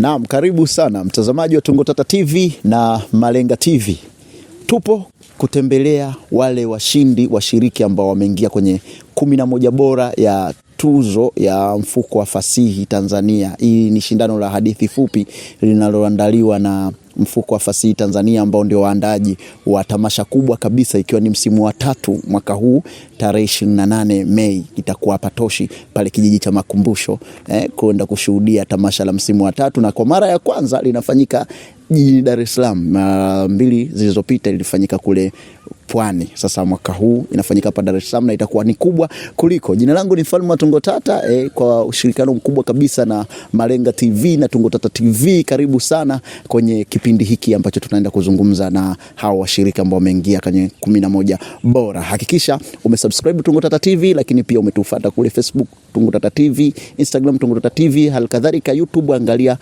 Naam, karibu sana mtazamaji wa Tungo Tata TV na Malenga TV. Tupo kutembelea wale washindi washiriki ambao wameingia kwenye kumi na moja bora ya tuzo ya mfuko wa fasihi Tanzania. Hii ni shindano la hadithi fupi linaloandaliwa na mfuko wa fasihi Tanzania ambao ndio waandaji wa tamasha kubwa kabisa, ikiwa ni msimu wa tatu mwaka huu tarehe nane Mei itakuwa hapa Toshi pale kijiji cha Makumbusho eh, kwenda kushuhudia tamasha la msimu wa tatu, na kwa mara ya kwanza linafanyika jijini Dar es Salaam. Mara uh, mbili zilizopita ilifanyika kule Pwani. Sasa mwaka huu inafanyika hapa Dar es Salaam na itakuwa ni kubwa kuliko. Jina langu ni Falma Tungotata eh, kwa ushirikiano mkubwa kabisa na Malenga TV na Tungotata TV. Karibu sana kwenye kipindi hiki ambacho tunaenda kuzungumza na hawa washirika ambao wameingia kwenye 11 bora. Hakikisha umesubscribe Tungotata TV, lakini pia umetufuata kule Facebook Tungotata TV, Instagram Tungotata TV, halikadhalika YouTube angalia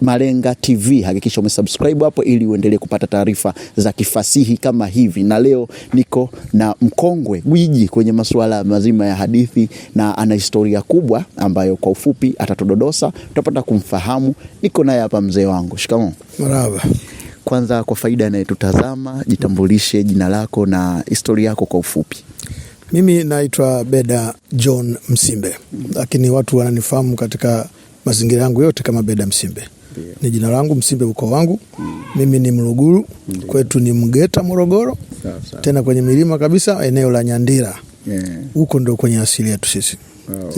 Malenga TV, hakikisha umesubscribe hapo ili uendelee kupata taarifa za kifasihi kama hivi. Na leo niko na mkongwe gwiji kwenye masuala mazima ya hadithi na ana historia kubwa ambayo kwa ufupi atatudodosa, tutapata kumfahamu. Niko naye hapa mzee wangu. Shikamoo. Marhaba. Kwanza, kwa faida anayetutazama, jitambulishe jina lako na historia yako kwa ufupi. Mimi naitwa Beda John Msimbe, lakini watu wananifahamu katika mazingira yangu yote kama Beda Msimbe ni jina langu Msimbe, uko wangu mm. Mimi ni mruguru Ndiyo. Kwetu ni Mgeta, Morogoro sawa, sawa. Tena kwenye milima kabisa eneo la Nyandira huko yeah. Ndo kwenye asili yetu sisi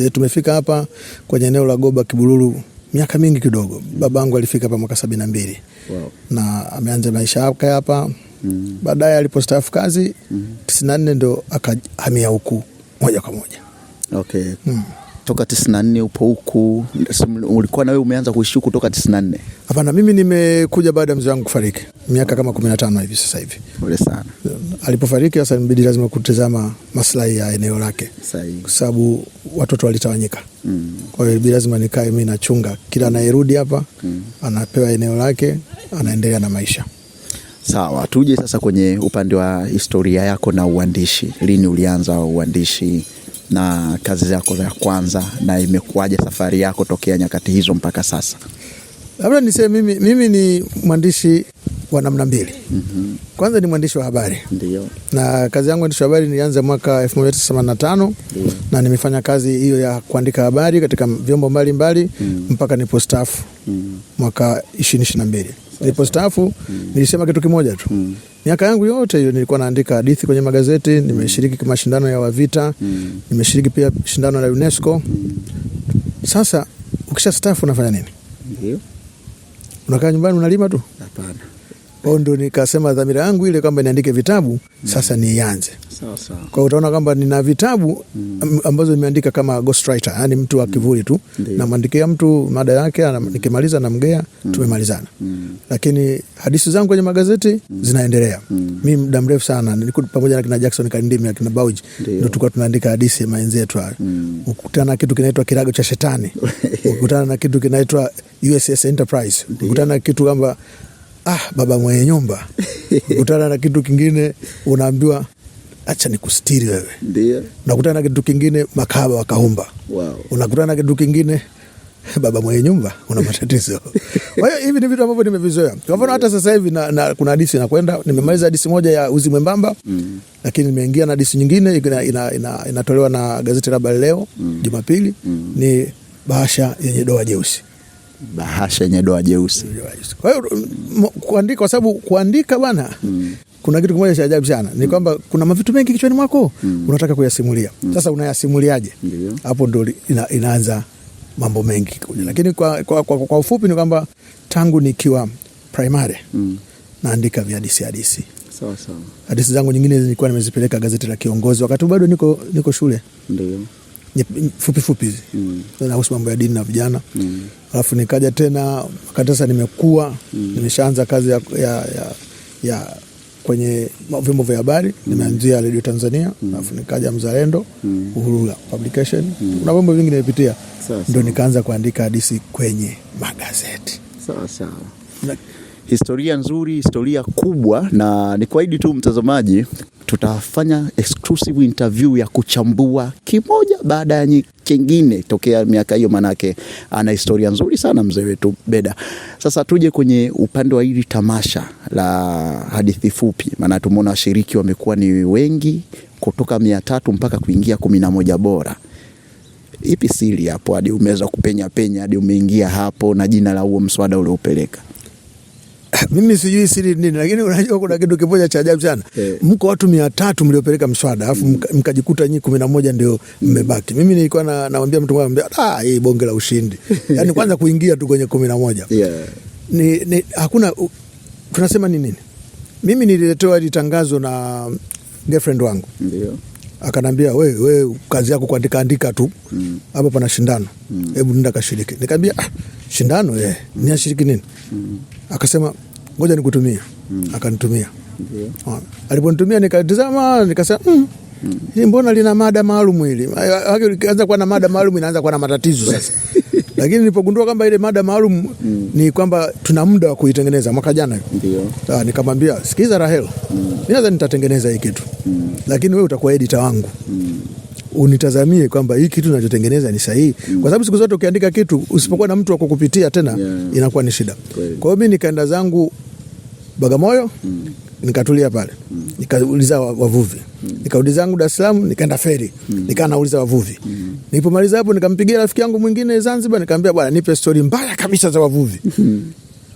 wow. Tumefika hapa kwenye eneo la Goba Kibururu miaka mingi kidogo. Mm. Babangu alifika hapa mwaka sabini na mbili wow. na ameanza maisha yake hapa mm. Baadaye alipostaafu kazi mm. tisini na nne ndo akahamia huku moja kwa moja okay. mm toka 94 upo huku, ulikuwa na wewe umeanza kuishi huku toka 94? Hapana, mimi nimekuja baada ya mzee wangu kufariki miaka kama 15 hivi sasa hivi. Pole sana. Alipofariki sasa, nibidi lazima kutazama maslahi ya eneo lake, kwa sababu watoto walitawanyika. Mm. Kwa hiyo lazima nikae mimi nachunga kila anayerudi hapa mm. anapewa eneo lake, anaendelea na maisha. Sawa, tuje sasa kwenye upande wa historia yako na uandishi. Lini ulianza uandishi? na kazi zako za kwanza, na imekuwaje safari yako tokea nyakati hizo mpaka sasa? Labda niseme mimi, mimi ni mwandishi wa namna mbili. mm -hmm. Kwanza ni mwandishi wa habari Ndiyo. na kazi yangu mwandishi wa habari nilianza mwaka 1985 na nimefanya kazi hiyo ya kuandika habari katika vyombo mbalimbali mbali, mm. mpaka nipostafu mm. mwaka 2022. Nilipostaafu nilisema kitu kimoja tu. Hmm. Miaka yangu yote hiyo nilikuwa naandika hadithi kwenye magazeti, nimeshiriki mashindano ya Wavita, hmm. nimeshiriki pia shindano la UNESCO. Hmm. Sasa ukisha stafu unafanya nini? Unakaa nyumbani unalima tu? ndo nikasema dhamira yangu ile kwamba niandike vitabu sasa nianze sawa sawa. Kwa utaona kwamba nina vitabu mm. ambazo nimeandika kama ghostwriter, yani mtu wa kivuli tu mm. namwandikia mtu mada yake, nikimaliza namgea mm. tumemalizana mm. lakini hadithi zangu kwenye magazeti mm. zinaendelea mm. mi muda mrefu sana nilikuwa pamoja na kina Jackson Kandimi akina Bauji ndo tukuwa tunaandika hadithi maenzetu hayo mm. ukutana na kitu kinaitwa kirago cha shetani ukutana na kitu kinaitwa USS Enterprise ukutana na kitu kwamba ah, baba mwenye nyumba ukutana na kitu kingine unaambiwa acha ni kustiri wewe. Ndio unakutana na kitu kingine, makahaba wakaumba. Wow. unakutana na kitu kingine baba mwenye nyumba una matatizo. Kwa hiyo hivi ni vitu ambavyo nimevizoea. Kwa mfano hata sasa hivi na, na, kuna hadithi inakwenda, nimemaliza hadithi moja ya uzi mwembamba mm. lakini nimeingia na hadithi nyingine inatolewa ina, ina, ina na gazeti la Habari Leo mm. Jumapili mm. ni bahasha yenye doa jeusi bahasha yenye doa jeusi. Kwa hiyo kuandika, kwa sababu kuandika bwana mm kuna kitu kimoja cha ajabu sana ni mm. kwamba kuna mavitu mengi kichwani mwako mm. unataka kuyasimulia mm. Sasa unayasimuliaje? Hapo ndo ina, inaanza mambo mengi kuja, lakini kwa, kwa, kwa, kwa ufupi ni kwamba tangu nikiwa primary mm. naandika vya hadisi hadisi sawa zangu nyingine nilikuwa nimezipeleka gazeti la Kiongozi wakati bado niko, niko shule fupifupi hizi mm. nahusu mambo ya dini na vijana mm. alafu nikaja tena wakati sasa nimekuwa mm. nimeshaanza kazi ya, ya, ya, ya kwenye vyombo vya habari nimeanzia Redio Tanzania mm. nikaja Mzalendo mm. Uhuru Publication mm. kuna vyombo vingi nimepitia, ndio nikaanza kuandika hadisi kwenye magazeti sawa sawa historia nzuri, historia kubwa, na ni kuahidi tu mtazamaji, tutafanya exclusive interview ya kuchambua kimoja baada ya kingine tokea miaka hiyo, manake ana historia nzuri sana mzee wetu Beda. Sasa tuje kwenye upande wa hili tamasha la hadithi fupi, maana tumeona washiriki wamekuwa ni wengi kutoka mia tatu mpaka kuingia kumi na moja bora Ipi siri hapo hadi umeweza kupenya penya hadi umeingia hapo na jina la huo mswada uliopeleka? mimi sijui siri nini, lakini unajua kuna kitu kimoja cha ajabu sana hey. Eh. Mko watu mia tatu mliopeleka mswada alafu mm. mkajikuta nyi kumi na moja ndio mmebaki mm. Mimi nilikuwa na, nawambia mtu mwambia ah, hii bonge la ushindi yani kwanza kuingia tu kwenye kumi na moja yeah. ni, ni, hakuna tunasema ni nini? Mimi nililetewa hili tangazo na girlfriend wangu ndio akanambia we, we kazi yako kuandika andika tu mm. hapa mm. pana shindano mm. hebu nenda kashiriki. Nikaambia ah, shindano ye, eh, mm. niashiriki nini? mm. Akasema ngoja nikutumia. mm. Akanitumia yeah. Aliponitumia nikatizama nikasema mm, mm. Hii mbona lina mada maalum hili? Ukianza kuwa na mada maalum inaanza kuwa na matatizo sasa lakini nilipogundua kwamba ile mada maalum mm. ni kwamba tuna muda wa kuitengeneza mwaka jana, ndio ah, nikamwambia, sikiza Rahel, mm. naweza nitatengeneza hii kitu mm. lakini wewe utakuwa edita wangu mm unitazamie kwamba hii kitu nachotengeneza ni sahihi mm. kwa sababu siku zote ukiandika kitu usipokuwa na mtu wa kukupitia tena yeah. inakuwa ni shida. Kwa hiyo mi nikaenda zangu Bagamoyo mm nikatulia pale, nikauliza wavuvi, nikarudi zangu Dar es Salaam, nikaenda feri, nikaa nauliza wavuvi. Nilipomaliza hapo, nikampigia rafiki yangu mwingine Zanzibar, nikamwambia bwana, nipe stori mbaya kabisa za wavuvi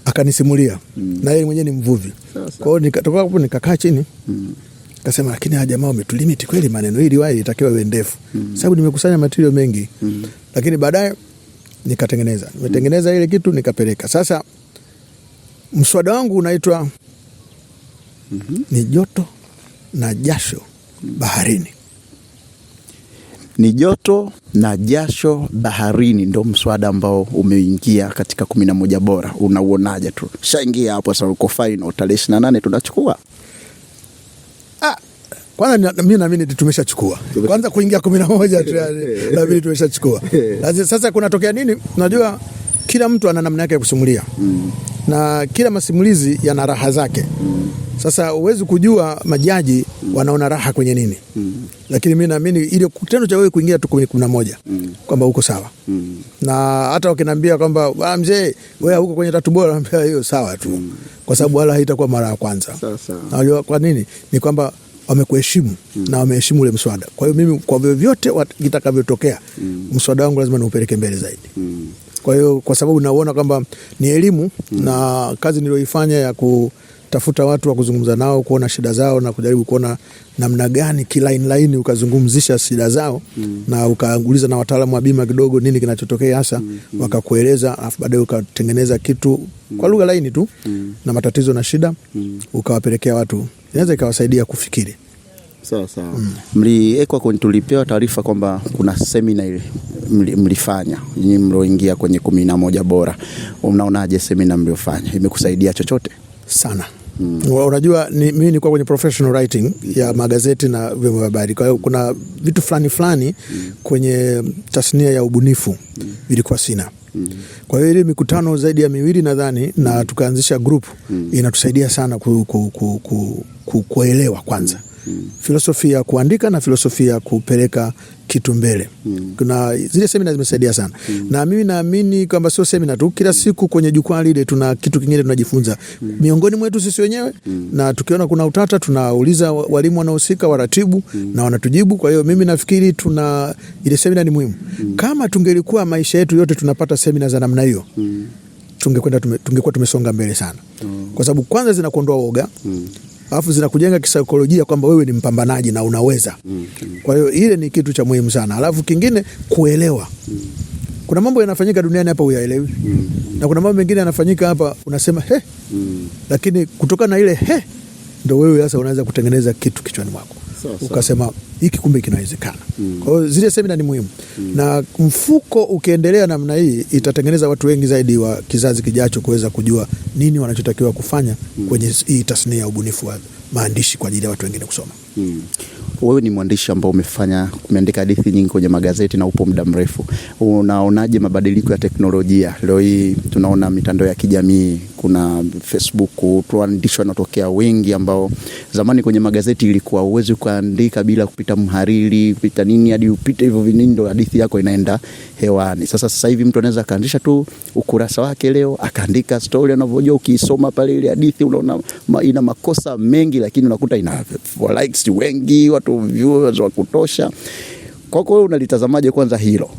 akanisimulia na yeye mwenyewe ni mvuvi. Kwa hiyo nikatoka hapo nikakaa chini kasema, lakini hawa jamaa wametulimiti kweli, maneno hili wai itakiwa iwe ndefu mm. sababu nimekusanya matirio mengi mm. lakini baadaye nikatengeneza, nimetengeneza mm. ile kitu nikapeleka. Sasa mswada wangu unaitwa mm -hmm. ni joto na jasho baharini. Ni joto na jasho baharini, ndo mswada ambao umeingia katika kumi na moja bora. Unauonaje? tu shaingia hapo sauko uko tarehe ishiri na nane tunachukua ah, Kwanza mi naamini tumeshachukua kwanza kuingia kumi na moja naamini tumeshachukua. Sasa kunatokea nini? najua kila mtu ana namna yake ya kusimulia mm na kila masimulizi yana raha zake. Sasa uwezi kujua majaji wanaona raha kwenye nini, lakini mi naamini ile kitendo cha wewe kuingia tu kwenye kumi na moja kwamba huko sawa, na hata wakiniambia kwamba mzee, wewe huko kwenye tatu bora, naambia hiyo sawa tu, kwa sababu wala haitakuwa mara ya kwanza. Najua kwa nini ni kwamba wamekuheshimu mm. na wameheshimu ule mswada. Kwa hiyo mimi, kwa vyovyote vitakavyotokea, mswada wangu lazima niupeleke mbele zaidi mm. Kwa hiyo kwa sababu nauona kwamba ni elimu mm. na kazi niliyoifanya ya kutafuta watu wa kuzungumza nao, kuona shida zao na kujaribu kuona namna gani kilainilaini ukazungumzisha shida zao mm. na ukauliza na wataalamu wa bima kidogo nini kinachotokea hasa mm. mm. wakakueleza, alafu baadaye ukatengeneza kitu mm. kwa lugha laini tu mm. na matatizo na shida mm. ukawapelekea watu, inaweza ikawasaidia kufikiri sawa sawa. Mliwekwa eh, kwenye, tulipewa taarifa kwamba kuna semina ile mlifanya nyinyi mlioingia kwenye kumi na moja bora. Unaonaje semina mliofanya imekusaidia chochote? Sana. Mm. Unajua ni, mimi nilikuwa kwenye professional writing ya magazeti na vyombo vya habari, kwa hiyo kuna vitu fulani fulani kwenye tasnia ya ubunifu vilikuwa sina Kwa hiyo ile mikutano zaidi ya miwili nadhani na tukaanzisha group mm. inatusaidia sana ku, ku, ku, ku, ku, kuelewa kwanza mm. filosofia ya kuandika na filosofia ya kupeleka kitu mbele mm. Kuna zile semina zimesaidia sana mm. na mimi naamini kwamba sio semina tu, kila siku kwenye jukwaa lile tuna kitu kingine tunajifunza mm. miongoni mwetu sisi wenyewe mm. na tukiona kuna utata tunauliza walimu wanaohusika, waratibu mm. na wanatujibu. Kwa hiyo mimi nafikiri tuna ile semina ni muhimu mm. kama tungelikuwa maisha yetu yote tunapata semina za namna hiyo mm. tungekwenda tume, tumesonga mbele sana mm. kwa sababu kwanza zinakuondoa woga mm alafu zinakujenga kisaikolojia kwamba wewe ni mpambanaji na unaweza. Mm, mm. Kwa hiyo ile ni kitu cha muhimu sana, alafu kingine kuelewa mm. kuna mambo yanafanyika duniani hapa uyaelewi mm. na kuna mambo mengine yanafanyika hapa unasema he, mm. lakini kutokana na ile he, ndo wewe sasa unaweza kutengeneza kitu kichwani mwako ukasema hiki kumbe kinawezekana. Mm. Kwa hiyo zile semina ni muhimu. Mm. Na mfuko ukiendelea namna hii itatengeneza watu wengi zaidi wa kizazi kijacho kuweza kujua nini wanachotakiwa kufanya mm. kwenye hii tasnia ya ubunifu wa maandishi kwa ajili ya watu wengine kusoma. Hmm. Wewe ni mwandishi ambao umefanya umeandika hadithi nyingi kwenye magazeti na upo muda mrefu, unaonaje mabadiliko ya teknolojia leo hii? Tunaona mitandao ya kijamii, kuna Facebook, waandishi wanaotokea wengi ambao zamani kwenye magazeti ilikuwa uwezi ukaandika bila kupita mhariri, kupita nini, hadi upite hivyo vinini, ndo hadithi yako inaenda hewani. Sasa sasa hivi mtu anaweza akaandisha tu ukurasa wake leo akaandika stori anavyojua, ukiisoma pale ile hadithi unaona ina makosa mengi, lakini unakuta ina likes artisti wengi, watu viewers wa kutosha. Kwako wewe unalitazamaje kwanza hilo?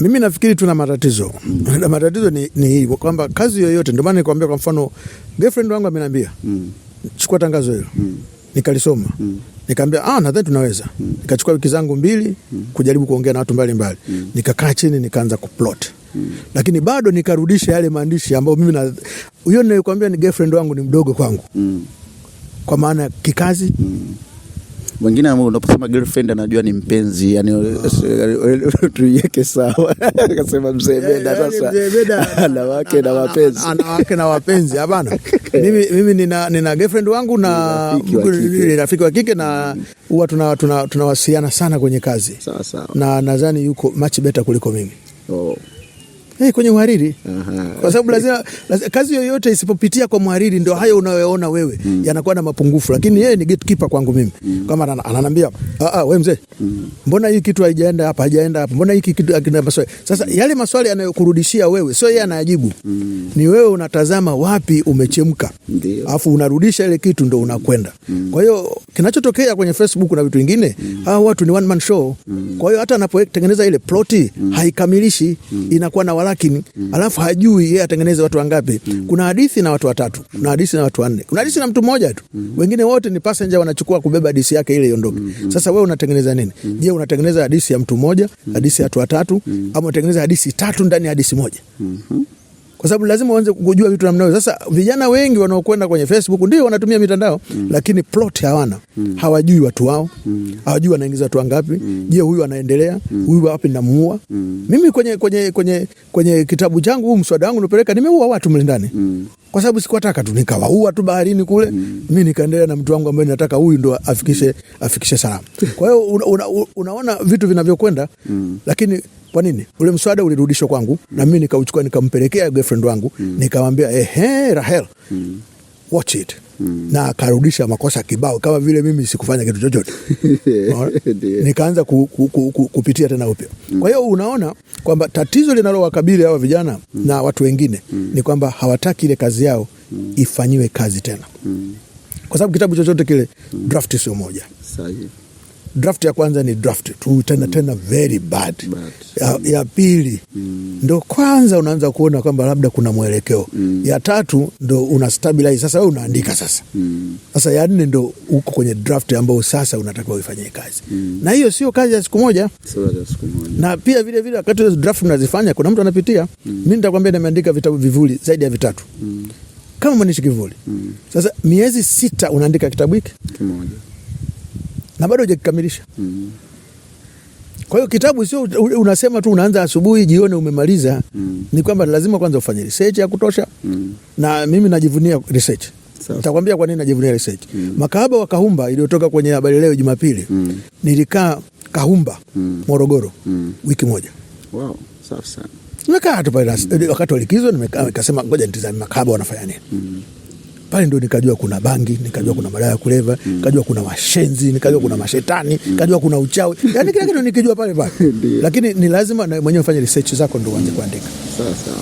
Mimi nafikiri tuna matatizo mm. na matatizo ni, ni hivyo kwamba kazi yoyote, ndio maana nikwambia, kwa mfano girlfriend wangu ameniambia mm. chukua tangazo hilo mm. nikalisoma mm. Nikaambia ah, nadhani tunaweza mm. Nikachukua wiki zangu mbili mm. kujaribu kuongea na watu mbalimbali mm. Nikakaa chini nikaanza kuplot mm. Lakini bado nikarudisha yale maandishi ambayo mimi na huyo ninayokuambia ni girlfriend wangu ni mdogo kwangu mm. kwa maana kikazi mm. Mwingine unaposema girlfriend anajua ni mpenzi, yani tuiweke ah. sawa. Akasema mzee eh, sasa ana wake na wapenzi, ana wake na wapenzi. Hapana, mimi mimi nina nina girlfriend wangu na rafiki wa kike na huwa tuna tunawasiliana sana kwenye kazi, na nadhani yuko much better kuliko mimi. Oh. Hey, kwenye uhariri kwa sababu lazima, lazima kazi yoyote isipopitia kwa mhariri ndio hayo unayoona wewe mm. yanakuwa na mapungufu, lakini yeye ni gatekeeper kwangu mimi mm. kama ananiambia ah, ah, wewe mzee mm. mbona hii kitu haijaenda hapa haijaenda hapa, mbona hiki kitu akina maswali. Sasa mm. yale maswali anayokurudishia wewe sio yeye anayajibu mm. ni wewe unatazama wapi umechemka, alafu unarudisha ile kitu ndio unakwenda mm. kwa hiyo kinachotokea kwenye Facebook na vitu vingine mm. hawa watu ni one man show mm. kwa hiyo hata anapotengeneza ile ploti mm. haikamilishi mm. inakuwa na walakini, mm. alafu hajui yeye atengeneze watu wangapi. Mm. Kuna hadithi na watu watatu, kuna hadithi na watu wanne, kuna hadithi na mtu mmoja tu, mm. wengine wote ni passenger wanachukua kubeba hadithi yake ile iondoke. Sasa wewe unatengeneza nini? Je, unatengeneza hadithi ya mtu mmoja, hadithi ya watu watatu, ama unatengeneza hadithi tatu ndani ya hadithi moja? Mm-hmm kwa sababu lazima uanze kujua vitu namna hiyo. Sasa vijana wengi wanaokwenda kwenye Facebook ndio wanatumia mitandao mm. lakini plot hawana mm. hawajui watu wao mm. hawajui wanaingiza watu wangapi mm. Je, huyu anaendelea mm. huyu wapi namuua mm. Mimi kwenye, kwenye, kwenye, kwenye kitabu changu huu mswada wangu nilopeleka nimeua watu mle ndani mm. kwa sababu sikuwataka tu nikawaua tu baharini kule mm. mi nikaendelea na mtu wangu ambaye nataka huyu ndo afikishe, mm. afikishe salama. Kwa hiyo una, una, una, unaona vitu vinavyokwenda mm. lakini kwa nini? Ule mswada ulirudishwa kwangu na mimi nikauchukua nikampelekea girlfriend wangu mm. nikamwambia ehe, Rahel mm. watch it Hmm. na akarudisha makosa kibao kama vile mimi sikufanya kitu chochote nikaanza ku, ku, ku, ku, kupitia tena upya hmm. kwa hiyo unaona kwamba tatizo linalowakabili hawa vijana hmm. na watu wengine hmm. ni kwamba hawataki ile kazi yao hmm. ifanyiwe kazi tena hmm. kwa sababu kitabu chochote kile hmm. drafti sio moja Sahi draft ya kwanza ni draft tu tena mm. tena very bad, bad. Ya, ya pili mm. ndo kwanza unaanza kuona kwamba labda kuna mwelekeo mm. ya tatu ndo una stabilize sasa, wewe unaandika sasa mm. sasa ya nne ndo uko kwenye draft ambayo sasa unatakiwa uifanyie kazi mm. na hiyo sio kazi ya siku moja, na pia vile vile wakati hizo draft unazifanya kuna mtu anapitia mm. mi nitakwambia nimeandika vitabu vivuli zaidi ya vitatu mm. kama mwandishi kivuli mm. sasa miezi sita unaandika kitabu hiki kimoja na bado hujakikamilisha. Mm. Kwa hiyo kitabu sio unasema tu unaanza asubuhi jioni umemaliza. Mm. Ni kwamba lazima kwanza ufanye research ya kutosha. Mm. Na mimi najivunia research. Nitakwambia kwa nini najivunia research. Mm. Makahaba wa Kahumba iliyotoka kwenye habari leo Jumapili. Mm. Nilikaa Kahumba, mm. Morogoro, mm. wiki moja. Wow, safi sana. Nimekaa tu pale wakati wa likizo, nikasema ngoja nitizame makahaba wanafanya nini. Mm pale ndo nikajua kuna bangi, nikajua kuna madawa ya kuleva, mm. nikajua kuna washenzi, nikajua kuna mashetani, mm. nikajua kuna uchawi, yani kila kitu nikijua pale pale lakini ni lazima mwenyewe ufanye research zako ndo uanze kuandika. Sawa sawa.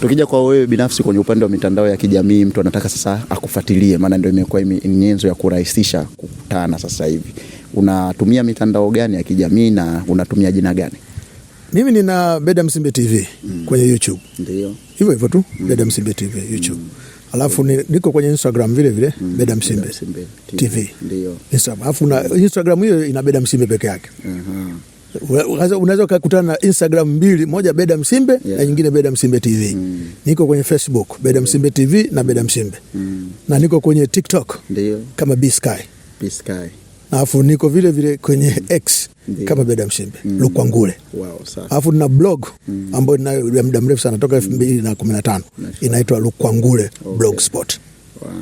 Tukija kwa wewe binafsi kwenye upande wa mitandao ya kijamii, mtu anataka sasa akufuatilie, maana ndio imekuwa nyenzo ya kurahisisha kukutana. Sasa hivi unatumia mitandao gani ya kijamii na unatumia jina gani? Mimi nina Beda Msimbe TV mm. kwenye YouTube, ndio hivyo hivyo tu mm. Beda Msimbe TV YouTube mm alafu ni, niko kwenye Instagram vile vile mm. Beda Msimbe, TV ndio alafu na Instagram hiyo ina Beda Msimbe peke yake uh -huh. Unaweza ukakutana na Instagram mbili, moja Beda Msimbe yeah. na nyingine Beda Msimbe TV mm. Niko kwenye Facebook Beda Msimbe TV na Beda Msimbe mm. na niko kwenye TikTok ndio, kama b sky alafu niko vile vile kwenye mm. X Ndiyo. kama Beda Mshimbe mm. Lukwangule alafu wow, nina blog mm. ambayo nayo ya muda mrefu sana toka mm. elfu mbili na kumi na tano inaitwa Lukwangule okay. Blogspot wow.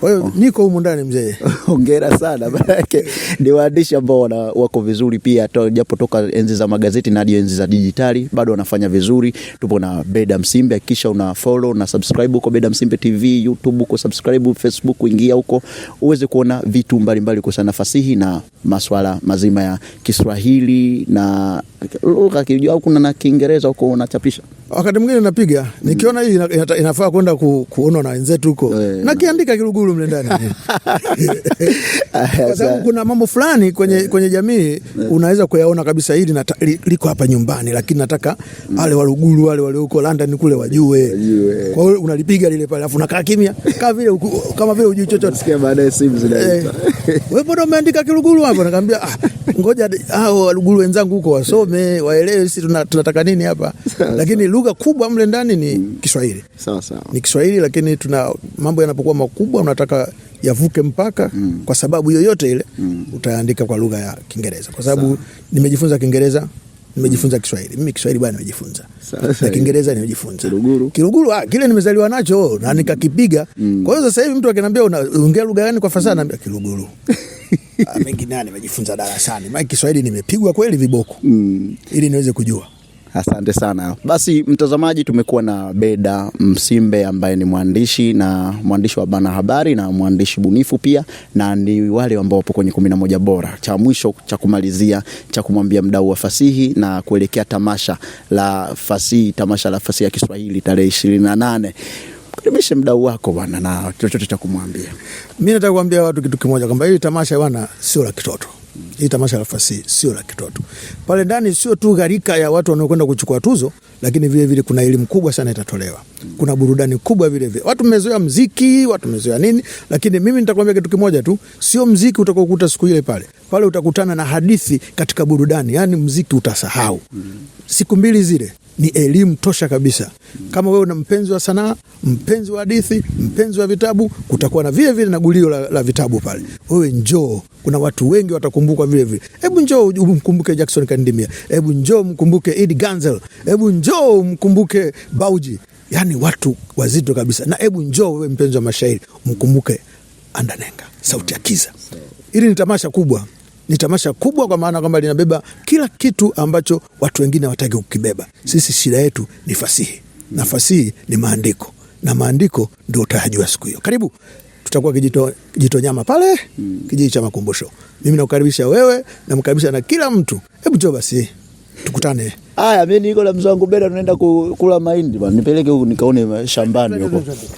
Kwa hiyo oh. niko humu ndani mzee. ongera sana manake ni waandishi ambao wako vizuri pia, japo toka enzi za magazeti na hadi enzi za dijitali bado wanafanya vizuri. Tupo na Beda Msimbe, akikisha una follow na subscribe huko Beda Msimbe TV, YouTube uko subscribe, Facebook ingia huko uweze kuona vitu mbalimbali kuhusiana na fasihi na maswala mazima ya Kiswahili na lugha, kuna na Kiingereza huko unachapisha wakati mwingine napiga nikiona hii ina, inafaa kwenda ku, kuonwa na wenzetu huko yeah, nakiandika Kiluguru mle ndani kwa sababu kuna mambo fulani kwenye, yeah, kwenye jamii yeah, unaweza kuyaona kabisa hili nata, li, liko hapa nyumbani, lakini nataka mm, wale Waluguru wale walioko London kule wajue. Kwa hiyo unalipiga lile pale alafu nakaa kimya kama vile kama vile ujui chochote, nasikia baadaye simu zinaita eh. wewe, mbona umeandika Kiluguru hapo? Nakaambia ah, ngoja hao Waluguru wenzangu huko wasome waelewe sisi tunataka nini hapa, lakini lugha kubwa mle ndani ni mm. Kiswahili sawa sawa, ni Kiswahili, lakini tuna mambo yanapokuwa makubwa unataka yavuke mpaka mm. kwa sababu yoyote ile mm. utaandika kwa lugha ya Kiingereza kwa sababu nimejifunza Kiingereza mm. nimejifunza Kiswahili. Mimi Kiswahili bwana nimejifunza. Na Kiingereza nimejifunza. Kiruguru. Kiruguru ah, kile nimezaliwa nacho oh, na mm. nikakipiga. Mm. Kwa hiyo sasa hivi mtu akiniambia unaongea lugha gani kwa fasaha mm. naambia Kiruguru. Ah, Mengi nani nimejifunza darasani. Maana Kiswahili nimepigwa kweli viboko. Mm. Ili niweze kujua. Asante sana. Basi mtazamaji, tumekuwa na Beda Msimbe ambaye ni mwandishi na mwandishi wa bana habari na mwandishi bunifu pia, na ni wale ambao wapo kwenye kumi na moja bora. Cha mwisho cha kumalizia cha kumwambia mdau wa fasihi na kuelekea tamasha la fasihi, tamasha la fasihi ya Kiswahili tarehe ishirini na nane karibishe mdau wako bwana, na chochote cha kumwambia. Mi nataka kuambia watu kitu kimoja kwamba hili tamasha bwana sio la kitoto hii tamasha la sio la kitoto. Pale ndani sio tu gharika ya watu wanaokwenda kuchukua tuzo, lakini vile vile kuna elimu kubwa sana itatolewa. Kuna burudani kubwa vile vile. Watu mmezoea mziki, watu mmezoea nini, lakini mimi nitakwambia kitu kimoja tu, sio mziki utakaokuta siku ile pale. Pale utakutana na hadithi katika burudani, yani mziki utasahau. Siku mbili zile ni elimu tosha kabisa. Kama wewe una mpenzi wa sanaa, mpenzi wa hadithi, mpenzi wa vitabu, kutakuwa na vile vile na gulio la, la vitabu pale. Wewe njoo, kuna watu wengi watakumbukwa vile vile. Hebu njoo umkumbuke Jackson Kandimia, hebu njoo mkumbuke Ed Ganzel, hebu njoo mkumbuke Bauji, yaani watu wazito kabisa. Na hebu njoo wewe mpenzi wa mashairi, mkumbuke Andanenga, sauti ya kiza. Hili ni tamasha kubwa ni tamasha kubwa, kwa maana kwamba linabeba kila kitu ambacho watu wengine hawataki kukibeba. Sisi shida yetu ni fasihi, na fasihi ni maandiko, na maandiko ndio utajua siku hiyo. Karibu tutakuwa kijito, kijito nyama pale hmm. kijiji cha makumbusho. Mimi nakukaribisha wewe, namkaribisha na kila mtu. Hebu njoo basi tukutane. Haya, mi niko na mzangu Beda, tunaenda kula mahindi nipeleke huku nikaone shambani huko.